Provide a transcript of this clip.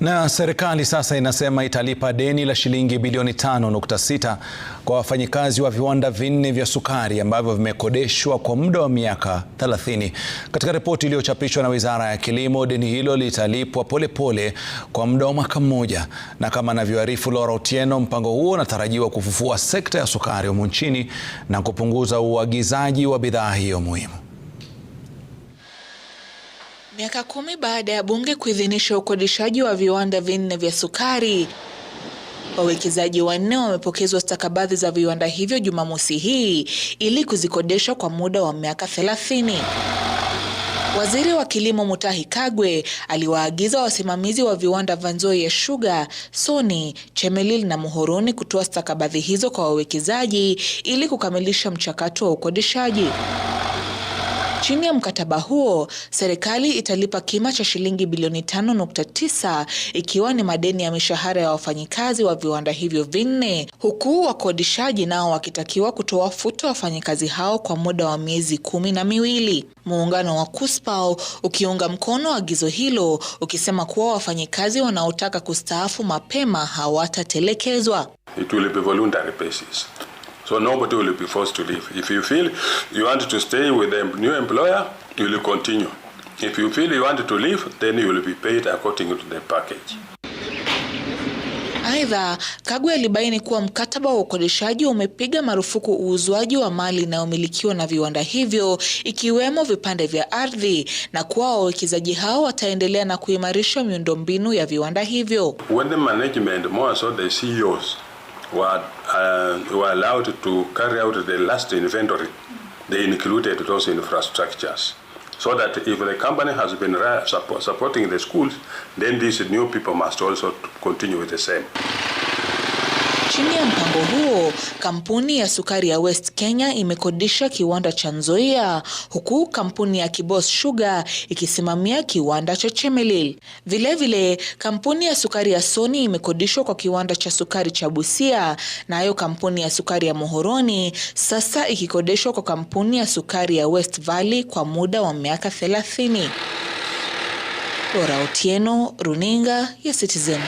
Na serikali sasa inasema italipa deni la shilingi bilioni 5.6 kwa wafanyikazi wa viwanda vinne vya sukari ambavyo vimekodeshwa kwa muda wa miaka 30. Katika ripoti iliyochapishwa na Wizara ya Kilimo, deni hilo litalipwa polepole kwa muda wa mwaka mmoja. Na kama anavyoarifu Laura Otieno, mpango huo unatarajiwa kufufua sekta ya sukari humu nchini na kupunguza uagizaji wa bidhaa hiyo muhimu. Miaka kumi baada ya bunge kuidhinisha ukodishaji wa viwanda vinne vya sukari, wawekezaji wanne wamepokezwa stakabadhi za viwanda hivyo Jumamosi hii ili kuzikodesha kwa muda wa miaka thelathini. Waziri wa Kilimo Mutahi Kagwe aliwaagiza wasimamizi wa viwanda vya Nzoia Sugar, Sony, Chemelil na Muhoroni kutoa stakabadhi hizo kwa wawekezaji ili kukamilisha mchakato wa ukodishaji. Chini ya mkataba huo, serikali italipa kima cha shilingi bilioni 5.9 ikiwa ni madeni ya mishahara ya wafanyikazi wa viwanda hivyo vinne, huku wakodishaji nao wakitakiwa kutoa futo wafanyikazi hao kwa muda wa miezi kumi na miwili. Muungano wa KUSPAO ukiunga mkono agizo hilo ukisema kuwa wafanyikazi wanaotaka kustaafu mapema hawatatelekezwa It will be voluntary basis. So nobody will be forced to leave. If you feel you want to stay with the new employer, you will continue. If you feel you want to leave, then you will be paid according to the package. Aidha, Kagwe alibaini kuwa mkataba wa ukodeshaji umepiga marufuku uuzwaji wa mali inayomilikiwa na viwanda hivyo ikiwemo vipande vya ardhi na kuwa wawekezaji hao wataendelea na kuimarisha miundombinu ya viwanda hivyo. When the management, more so the CEOs, were uh, were allowed to carry out the last inventory, they included those infrastructures. So that if the company has been support, supporting the schools, then these new people must also continue with the same. Chini ya mpango huo, kampuni ya sukari ya West Kenya imekodisha kiwanda cha Nzoia huku kampuni ya Kibos Sugar ikisimamia kiwanda cha Chemelil. Vilevile, kampuni ya sukari ya Soni imekodishwa kwa kiwanda cha sukari cha Busia, nayo na kampuni ya sukari ya Mohoroni sasa ikikodeshwa kwa kampuni ya sukari ya West Valley kwa muda wa miaka 30. Ora Otieno, Runinga ya Citizen.